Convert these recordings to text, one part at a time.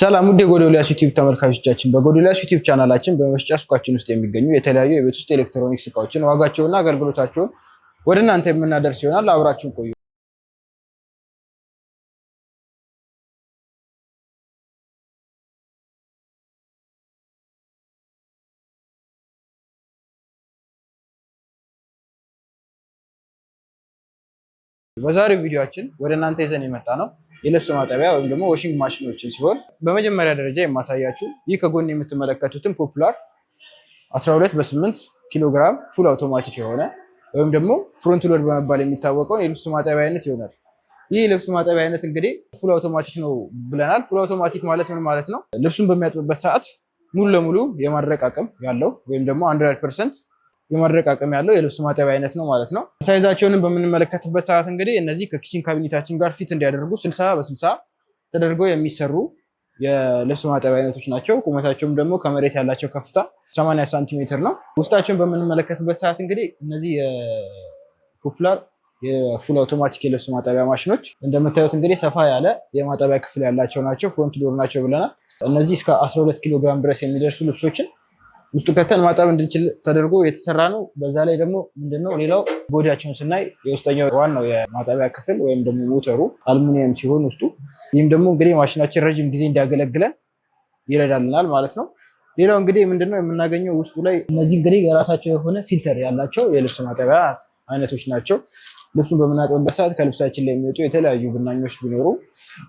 ሰላም ውድ የጎዶልያስ ዩቲዩብ ተመልካቾቻችን፣ በጎዶልያስ ዩቲዩብ ቻናላችን በመስጫ ሱቃችን ውስጥ የሚገኙ የተለያዩ የቤት ውስጥ ኤሌክትሮኒክስ እቃዎችን ዋጋቸውና አገልግሎታቸውን ወደ እናንተ የምናደርስ ይሆናል። አብራችሁን ቆዩ። በዛሬው ቪዲዮአችን ወደ እናንተ ይዘን የመጣ ነው የልብስ ማጠቢያ ወይም ደግሞ ዋሽንግ ማሽኖችን ሲሆን በመጀመሪያ ደረጃ የማሳያችሁ ይህ ከጎን የምትመለከቱትን ፖፑላር 12 በ8 ኪሎ ግራም ፉል አውቶማቲክ የሆነ ወይም ደግሞ ፍሮንት ሎድ በመባል የሚታወቀውን የልብስ ማጠቢያ አይነት ይሆናል። ይህ የልብስ ማጠቢያ አይነት እንግዲህ ፉል አውቶማቲክ ነው ብለናል። ፉል አውቶማቲክ ማለት ምን ማለት ነው? ልብሱን በሚያጥብበት ሰዓት ሙሉ ለሙሉ የማድረቅ አቅም ያለው ወይም ደግሞ 100 ፐርሰንት የማድረቅ አቅም ያለው የልብስ ማጠቢያ አይነት ነው ማለት ነው። ሳይዛቸውንም በምንመለከትበት ሰዓት እንግዲህ እነዚህ ከኪችን ካቢኔታችን ጋር ፊት እንዲያደርጉ ስልሳ በስልሳ ተደርገው የሚሰሩ የልብስ ማጠቢያ አይነቶች ናቸው። ቁመታቸውም ደግሞ ከመሬት ያላቸው ከፍታ 80 ሳንቲሜትር ነው። ውስጣቸውን በምንመለከትበት ሰዓት እንግዲህ እነዚህ የፖፑላር የፉል አውቶማቲክ የልብስ ማጠቢያ ማሽኖች እንደምታዩት እንግዲህ ሰፋ ያለ የማጠቢያ ክፍል ያላቸው ናቸው። ፍሮንት ዶር ናቸው ብለናል። እነዚህ እስከ 12 ኪሎ ግራም ድረስ የሚደርሱ ልብሶችን ውስጡ ከተን ማጠብ እንድንችል ተደርጎ የተሰራ ነው። በዛ ላይ ደግሞ ምንድነው ሌላው ጎዳቸውን ስናይ የውስጠኛው ዋናው የማጠቢያ ክፍል ወይም ደግሞ ሞተሩ አልሙኒየም ሲሆን ውስጡ ይህም ደግሞ እንግዲህ ማሽናችን ረዥም ጊዜ እንዲያገለግለን ይረዳልናል ማለት ነው። ሌላው እንግዲህ ምንድነው የምናገኘው ውስጡ ላይ እነዚህ እንግዲህ የራሳቸው የሆነ ፊልተር ያላቸው የልብስ ማጠቢያ አይነቶች ናቸው። ልብሱን በምናጥብበት ሰዓት ከልብሳችን ላይ የሚወጡ የተለያዩ ብናኞች ቢኖሩ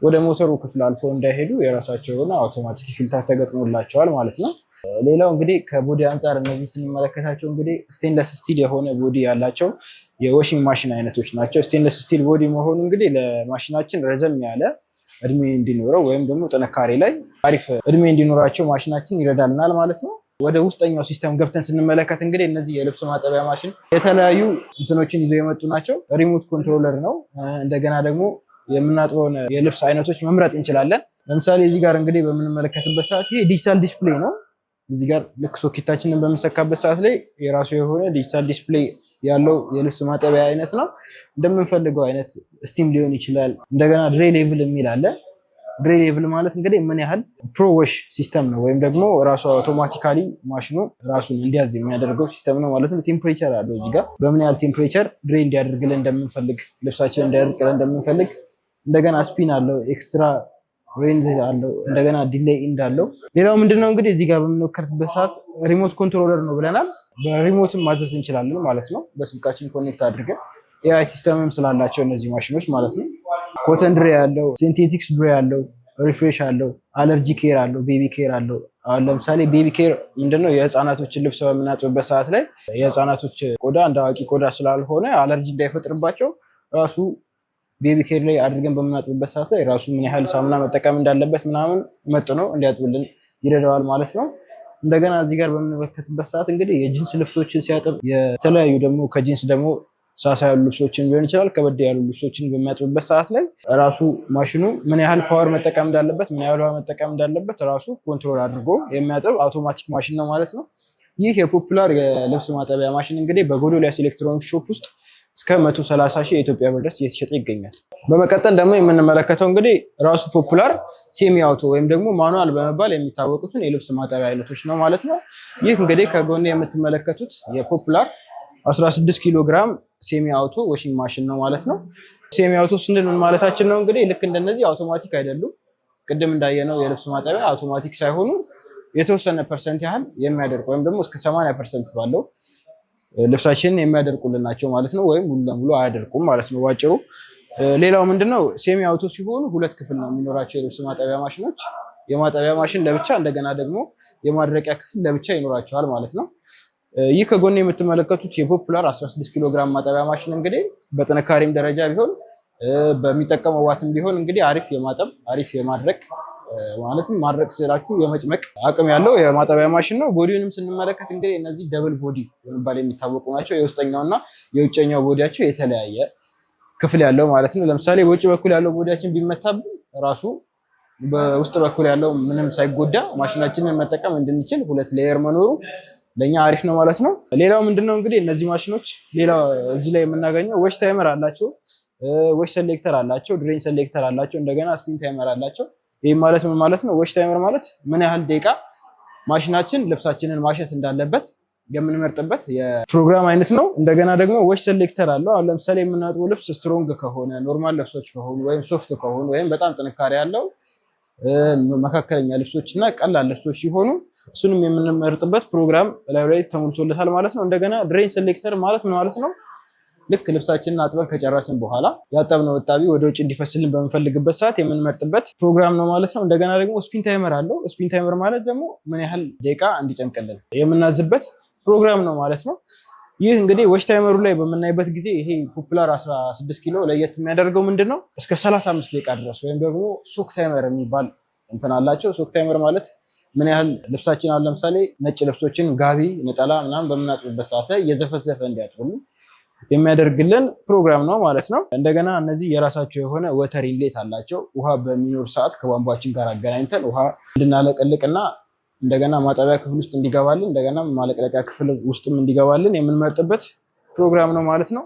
ወደ ሞተሩ ክፍል አልፈው እንዳይሄዱ የራሳቸው የሆነ አውቶማቲክ ፊልተር ተገጥሞላቸዋል ማለት ነው። ሌላው እንግዲህ ከቦዲ አንጻር እነዚህ ስንመለከታቸው እንግዲህ ስቴንለስ ስቲል የሆነ ቦዲ ያላቸው የዋሽንግ ማሽን አይነቶች ናቸው። ስቴንለስ ስቲል ቦዲ መሆኑ እንግዲህ ለማሽናችን ረዘም ያለ እድሜ እንዲኖረው ወይም ደግሞ ጥንካሬ ላይ አሪፍ እድሜ እንዲኖራቸው ማሽናችን ይረዳልናል ማለት ነው። ወደ ውስጠኛው ሲስተም ገብተን ስንመለከት እንግዲህ እነዚህ የልብስ ማጠቢያ ማሽን የተለያዩ እንትኖችን ይዘው የመጡ ናቸው። ሪሞት ኮንትሮለር ነው። እንደገና ደግሞ የምናጥበውን የልብስ አይነቶች መምረጥ እንችላለን። ለምሳሌ እዚህ ጋር እንግዲህ በምንመለከትበት ሰዓት ይሄ ዲጂታል ዲስፕሌይ ነው። እዚህ ጋር ልክ ሶኬታችንን በምንሰካበት ሰዓት ላይ የራሱ የሆነ ዲጂታል ዲስፕሌይ ያለው የልብስ ማጠቢያ አይነት ነው። እንደምንፈልገው አይነት ስቲም ሊሆን ይችላል። እንደገና ድሬ ሌቭል የሚል አለ። ብሬ ማለት እንግዲህ ምን ያህል ፕሮወሽ ሲስተም ነው ወይም ደግሞ ራሱ አውቶማቲካሊ ማሽኑ ራሱን እንዲያዝ የሚያደርገው ሲስተም ነው ማለት ነው። ቴምፕሬቸር አለው እዚህ ጋር በምን ያህል ቴምፕሬቸር ድሬ እንዲያደርግልን እንደምንፈልግ፣ ልብሳችን እንዲያደርቅልን እንደምንፈልግ። እንደገና ስፒን አለው፣ ኤክስትራ ሬንዝ አለው፣ እንደገና ዲሌይ እንዳለው። ሌላው ምንድነው እንግዲህ እዚህ ጋር በምንወከርትበት ሰዓት ሪሞት ኮንትሮለር ነው ብለናል። በሪሞትም ማዘዝ እንችላለን ማለት ነው፣ በስልካችን ኮኔክት አድርገን ኤአይ ሲስተምም ስላላቸው እነዚህ ማሽኖች ማለት ነው። ኮተን ድሬ ያለው ሲንቴቲክስ ድሬ ያለው ሪፍሬሽ አለው አለርጂ ኬር አለው ቤቢ ኬር አለው። አሁን ለምሳሌ ቤቢ ኬር ምንድነው? የህፃናቶችን ልብስ በምናጥብበት ሰዓት ላይ የህፃናቶች ቆዳ እንደ አዋቂ ቆዳ ስላልሆነ አለርጂ እንዳይፈጥርባቸው ራሱ ቤቢ ኬር ላይ አድርገን በምናጥብበት ሰዓት ላይ ራሱ ምን ያህል ሳሙና መጠቀም እንዳለበት ምናምን መጥኖ እንዲያጥብልን ይረዳዋል ማለት ነው። እንደገና እዚህ ጋር በምንመለከትበት ሰዓት እንግዲህ የጂንስ ልብሶችን ሲያጥብ የተለያዩ ደግሞ ከጂንስ ደግሞ ሳሳ ያሉ ልብሶችን ሊሆን ይችላል ከበድ ያሉ ልብሶችን በሚያጥብበት ሰዓት ላይ ራሱ ማሽኑ ምን ያህል ፓወር መጠቀም እንዳለበት፣ ምን ያህል ውሃ መጠቀም እንዳለበት ራሱ ኮንትሮል አድርጎ የሚያጥብ አውቶማቲክ ማሽን ነው ማለት ነው። ይህ የፖፑላር የልብስ ማጠቢያ ማሽን እንግዲህ በጎዶልያስ ኤሌክትሮኒክ ሾፕ ውስጥ እስከ 130 ሺህ የኢትዮጵያ ብር ድረስ እየተሸጠ ይገኛል። በመቀጠል ደግሞ የምንመለከተው እንግዲህ ራሱ ፖፑላር ሴሚ አውቶ ወይም ደግሞ ማኑዋል በመባል የሚታወቁትን የልብስ ማጠቢያ አይነቶች ነው ማለት ነው። ይህ እንግዲህ ከጎን የምትመለከቱት የፖፑላር 16 ኪሎ ግራም ሴሚ አውቶ ወሽንግ ማሽን ነው ማለት ነው። ሴሚ አውቶ ስንል ምን ማለታችን ነው? እንግዲህ ልክ እንደነዚህ አውቶማቲክ አይደሉም። ቅድም እንዳየነው የልብስ ማጠቢያ አውቶማቲክ ሳይሆኑ የተወሰነ ፐርሰንት ያህል የሚያደርቁ ወይም ደግሞ እስከ 80 ፐርሰንት ባለው ልብሳችንን የሚያደርቁልን ናቸው ማለት ነው። ወይም ሙሉ ለሙሉ አያደርቁም ማለት ነው ባጭሩ። ሌላው ምንድነው ሴሚ አውቶ ሲሆኑ ሁለት ክፍል ነው የሚኖራቸው የልብስ ማጠቢያ ማሽኖች። የማጠቢያ ማሽን ለብቻ እንደገና ደግሞ የማድረቂያ ክፍል ለብቻ ይኖራቸዋል ማለት ነው። ይህ ከጎን የምትመለከቱት የፖፑላር 16 ኪሎ ግራም ማጠቢያ ማሽን እንግዲህ በጥንካሬም ደረጃ ቢሆን በሚጠቀመው ዋትም ቢሆን እንግዲህ አሪፍ የማጠብ አሪፍ የማድረቅ ማለትም ማድረቅ ስላችሁ የመጭመቅ አቅም ያለው የማጠቢያ ማሽን ነው። ቦዲውንም ስንመለከት እንግዲህ እነዚህ ደብል ቦዲ በመባል የሚታወቁ ናቸው። የውስጠኛውና የውጨኛው ቦዲያቸው የተለያየ ክፍል ያለው ማለት ነው። ለምሳሌ በውጭ በኩል ያለው ቦዲያችን ቢመታብን ራሱ በውስጥ በኩል ያለው ምንም ሳይጎዳ ማሽናችንን መጠቀም እንድንችል ሁለት ሌየር መኖሩ ለእኛ አሪፍ ነው ማለት ነው። ሌላው ምንድነው እንግዲህ እነዚህ ማሽኖች ሌላ እዚህ ላይ የምናገኘው ወሽ ታይመር አላቸው፣ ወሽ ሴሌክተር አላቸው፣ ድሬን ሴሌክተር አላቸው፣ እንደገና ስፒን ታይመር አላቸው። ይህም ማለት ምን ማለት ነው? ወሽ ታይመር ማለት ምን ያህል ደቂቃ ማሽናችን ልብሳችንን ማሸት እንዳለበት የምንመርጥበት የፕሮግራም አይነት ነው። እንደገና ደግሞ ወሽ ሴሌክተር አለው። አሁን ለምሳሌ የምናጥበው ልብስ ስትሮንግ ከሆነ ኖርማል ልብሶች ከሆኑ ወይም ሶፍት ከሆኑ ወይም በጣም ጥንካሬ ያለው መካከለኛ ልብሶች እና ቀላል ልብሶች ሲሆኑ እሱንም የምንመርጥበት ፕሮግራም ላይ ላይ ተሞልቶለታል ማለት ነው። እንደገና ድሬን ሴሌክተር ማለት ምን ማለት ነው? ልክ ልብሳችንን አጥበን ከጨረስን በኋላ ያጠብነው እጣቢ ወደ ውጭ እንዲፈስልን በምንፈልግበት ሰዓት የምንመርጥበት ፕሮግራም ነው ማለት ነው። እንደገና ደግሞ ስፒን ታይመር አለው። ስፒን ታይመር ማለት ደግሞ ምን ያህል ደቂቃ እንዲጨምቅልን የምናዝበት ፕሮግራም ነው ማለት ነው። ይህ እንግዲህ ወሽ ታይመሩ ላይ በምናይበት ጊዜ ይሄ ፖፑላር 16 ኪሎ ለየት የሚያደርገው ምንድን ነው? እስከ 35 ደቂቃ ድረስ ወይም ደግሞ ሶክ ታይመር የሚባል እንትን አላቸው። ሶክ ታይመር ማለት ምን ያህል ልብሳችን አሁን ለምሳሌ ነጭ ልብሶችን ጋቢ፣ ነጠላ ምናምን በምናጥብበት ሰዓት ላይ የዘፈዘፈ የሚያደርግልን ፕሮግራም ነው ማለት ነው። እንደገና እነዚህ የራሳቸው የሆነ ወተር ኢንሌት አላቸው። ውሃ በሚኖር ሰዓት ከቧንቧችን ጋር አገናኝተን ውሃ እንድናለቀልቅ እና እንደገና ማጠቢያ ክፍል ውስጥ እንዲገባልን እንደገና ማለቅለቂያ ክፍል ውስጥም እንዲገባልን የምንመርጥበት ፕሮግራም ነው ማለት ነው።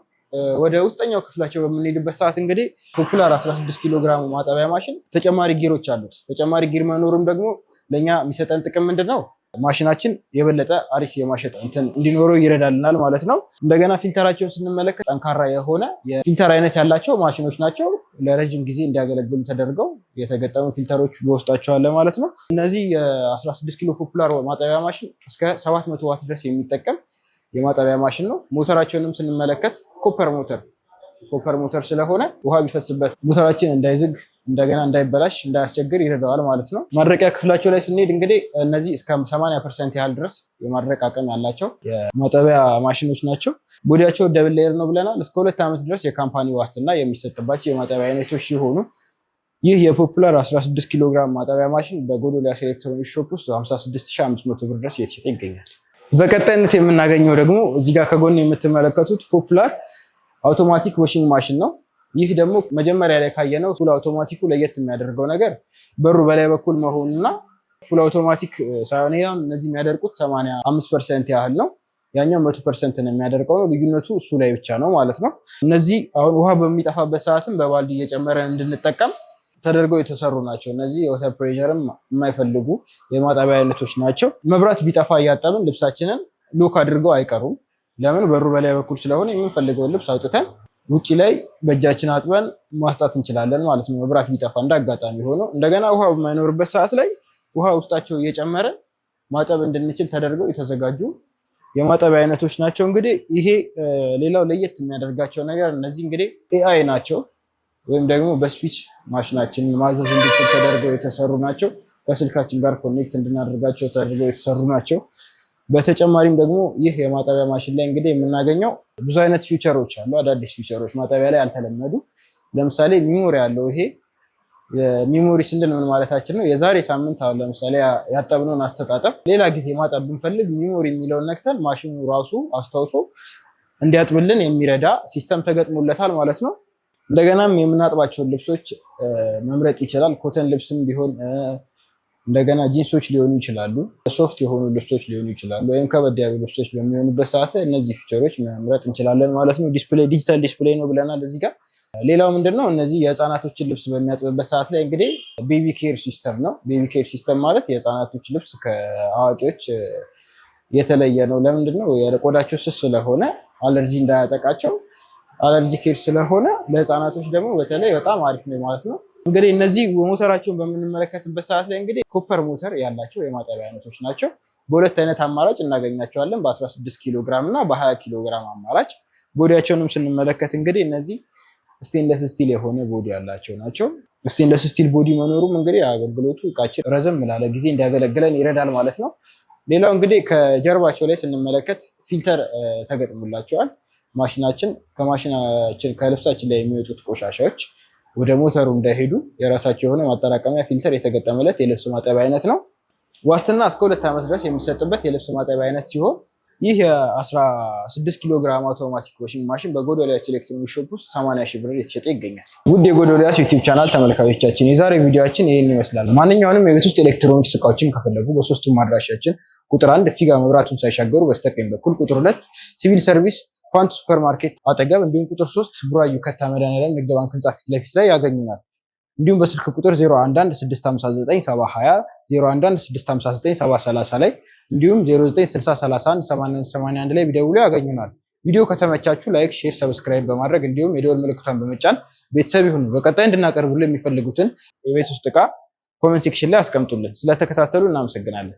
ወደ ውስጠኛው ክፍላቸው በምንሄድበት ሰዓት እንግዲህ ፖፑላር 16 ኪሎ ግራሙ ማጠቢያ ማሽን ተጨማሪ ጊሮች አሉት። ተጨማሪ ጊር መኖሩም ደግሞ ለእኛ የሚሰጠን ጥቅም ምንድን ነው? ማሽናችን የበለጠ አሪፍ የማሸጥ እንትን እንዲኖረው ይረዳልናል ማለት ነው። እንደገና ፊልተራቸውን ስንመለከት ጠንካራ የሆነ የፊልተር አይነት ያላቸው ማሽኖች ናቸው። ለረጅም ጊዜ እንዲያገለግሉ ተደርገው የተገጠሙ ፊልተሮች አለ ማለት ነው። እነዚህ የ16 ኪሎ ፖፑላር ማጠቢያ ማሽን እስከ 700 ዋት ድረስ የሚጠቀም የማጠቢያ ማሽን ነው። ሞተራቸውንም ስንመለከት ኮፐር ሞተር ኮፐር ሞተር ስለሆነ ውሃ ቢፈስበት ሞተራችን እንዳይዝግ እንደገና እንዳይበላሽ እንዳያስቸግር ይረዳዋል ማለት ነው። ማድረቂያ ክፍላቸው ላይ ስንሄድ እንግዲህ እነዚህ እስከ 80 ፐርሰንት ያህል ድረስ የማድረቅ አቅም ያላቸው የማጠቢያ ማሽኖች ናቸው። ቦዲያቸው ደብል ሌየር ነው ብለናል። እስከ ሁለት ዓመት ድረስ የካምፓኒ ዋስትና የሚሰጥባቸው የማጠቢያ አይነቶች ሲሆኑ ይህ የፖፑላር 16 ኪሎ ግራም ማጠቢያ ማሽን በጎዶልያስ ኤሌክትሮኒክ ሾፕ ውስጥ 56500 ብር ድረስ እየተሸጠ ይገኛል። በቀጣይነት የምናገኘው ደግሞ እዚጋ ከጎን የምትመለከቱት ፖፑላር አውቶማቲክ ዋሽንግ ማሽን ነው። ይህ ደግሞ መጀመሪያ ላይ ካየነው ፉል አውቶማቲኩ ለየት የሚያደርገው ነገር በሩ በላይ በኩል መሆኑና ፉል አውቶማቲክ ሳይሆን እነዚህ የሚያደርጉት ሰማንያ አምስት ፐርሰንት ያህል ነው። ያኛው መቶ ፐርሰንት ነው የሚያደርገው ነው። ልዩነቱ እሱ ላይ ብቻ ነው ማለት ነው። እነዚህ አሁን ውሃ በሚጠፋበት ሰዓትም በባልዲ እየጨመረን እንድንጠቀም ተደርገው የተሰሩ ናቸው። እነዚህ የወተር ፕሬዠርም የማይፈልጉ የማጠቢያ አይነቶች ናቸው። መብራት ቢጠፋ እያጠብን ልብሳችንን ሎክ አድርገው አይቀሩም። ለምን በሩ በላይ በኩል ስለሆነ የምንፈልገውን ልብስ አውጥተን ውጭ ላይ በእጃችን አጥበን ማስጣት እንችላለን ማለት ነው። መብራት ቢጠፋ እንደ አጋጣሚ ሆኖ እንደገና ውሃ በማይኖርበት ሰዓት ላይ ውሃ ውስጣቸው እየጨመረ ማጠብ እንድንችል ተደርገው የተዘጋጁ የማጠቢያ አይነቶች ናቸው። እንግዲህ ይሄ ሌላው ለየት የሚያደርጋቸው ነገር እነዚህ እንግዲህ ኤአይ ናቸው ወይም ደግሞ በስፒች ማሽናችን ማዘዝ እንዲችል ተደርገው የተሰሩ ናቸው። ከስልካችን ጋር ኮኔክት እንድናደርጋቸው ተደርገው የተሰሩ ናቸው። በተጨማሪም ደግሞ ይህ የማጠቢያ ማሽን ላይ እንግዲህ የምናገኘው ብዙ አይነት ፊውቸሮች አሉ። አዳዲስ ፊውቸሮች ማጠቢያ ላይ ያልተለመዱ ለምሳሌ ሚሞሪ አለው። ይሄ ሚሞሪ ስንል ምን ማለታችን ነው? የዛሬ ሳምንት አሁን ለምሳሌ ያጠብነውን አስተጣጠብ ሌላ ጊዜ ማጠብ ብንፈልግ ሚሞሪ የሚለውን ነክተን ማሽኑ ራሱ አስታውሶ እንዲያጥብልን የሚረዳ ሲስተም ተገጥሞለታል ማለት ነው። እንደገናም የምናጥባቸውን ልብሶች መምረጥ ይችላል። ኮተን ልብስም ቢሆን እንደገና ጂንሶች ሊሆኑ ይችላሉ፣ ሶፍት የሆኑ ልብሶች ሊሆኑ ይችላሉ፣ ወይም ከበድ ያሉ ልብሶች በሚሆኑበት ሰዓት እነዚህ ፊቸሮች መምረጥ እንችላለን ማለት ነው። ዲስፕሌይ ዲጂታል ዲስፕሌይ ነው ብለናል እዚህ ጋር። ሌላው ምንድን ነው እነዚህ የህፃናቶችን ልብስ በሚያጥብበት ሰዓት ላይ እንግዲህ ቤቢ ኬር ሲስተም ነው። ቤቢ ኬር ሲስተም ማለት የህፃናቶች ልብስ ከአዋቂዎች የተለየ ነው። ለምንድን ነው የቆዳቸው ስስ ስለሆነ አለርጂ እንዳያጠቃቸው አለርጂ ኬር ስለሆነ ለህፃናቶች ደግሞ በተለይ በጣም አሪፍ ነው ማለት ነው። እንግዲህ እነዚህ ሞተራቸውን በምንመለከትበት ሰዓት ላይ እንግዲህ ኮፐር ሞተር ያላቸው የማጠቢያ አይነቶች ናቸው። በሁለት አይነት አማራጭ እናገኛቸዋለን፣ በ16 ኪሎ ግራም እና በ20 ኪሎ ግራም አማራጭ። ቦዲያቸውንም ስንመለከት እንግዲህ እነዚህ ስቴንለስ ስቲል የሆነ ቦዲ ያላቸው ናቸው። ስቴንለስ ስቲል ቦዲ መኖሩም እንግዲህ አገልግሎቱ እቃችን ረዘም ላለ ጊዜ እንዲያገለግለን ይረዳል ማለት ነው። ሌላው እንግዲህ ከጀርባቸው ላይ ስንመለከት ፊልተር ተገጥሞላቸዋል። ማሽናችን ከማሽናችን ከልብሳችን ላይ የሚወጡት ቆሻሻዎች ወደ ሞተሩ እንዳይሄዱ የራሳቸው የሆነ ማጠራቀሚያ ፊልተር የተገጠመለት የልብስ ማጠቢያ አይነት ነው። ዋስትና እስከ ሁለት ዓመት ድረስ የሚሰጥበት የልብስ ማጠቢያ አይነት ሲሆን ይህ የ16 ኪሎ ግራም አውቶማቲክ ዋሽንግ ማሽን በጎዶልያስ ኤሌክትሮኒክ ሾፕ ውስጥ 80 ሺህ ብር የተሸጠ ይገኛል። ውድ የጎዶልያስ ዩቲዩብ ቻናል ተመልካቾቻችን የዛሬ ቪዲዮችን ይህን ይመስላል። ማንኛውንም የቤት ውስጥ ኤሌክትሮኒክስ እቃዎችን ከፈለጉ በሶስቱም አድራሻችን ቁጥር አንድ ፊጋ መብራቱን ሳይሻገሩ በስተቀኝ በኩል፣ ቁጥር ሁለት ሲቪል ሰርቪስ ኳንት ሱፐር ማርኬት አጠገብ እንዲሁም ቁጥር 3 ቡራዩ ከታ መድኃኒዓለም ንግድ ባንክ ህንፃ ፊት ለፊት ላይ ያገኙናል። እንዲሁም በስልክ ቁጥር 0116597020፣ 0116597030 ላይ እንዲሁም 0960318181 ላይ ቢደውሉ ያገኙናል። ቪዲዮ ከተመቻችሁ ላይክ፣ ሼር፣ ሰብስክራይብ በማድረግ እንዲሁም የደወል ምልክቷን በመጫን ቤተሰብ ይሁኑ። በቀጣይ እንድናቀርብልን የሚፈልጉትን የቤት ውስጥ እቃ ኮመንት ሴክሽን ላይ አስቀምጡልን። ስለተከታተሉ እናመሰግናለን።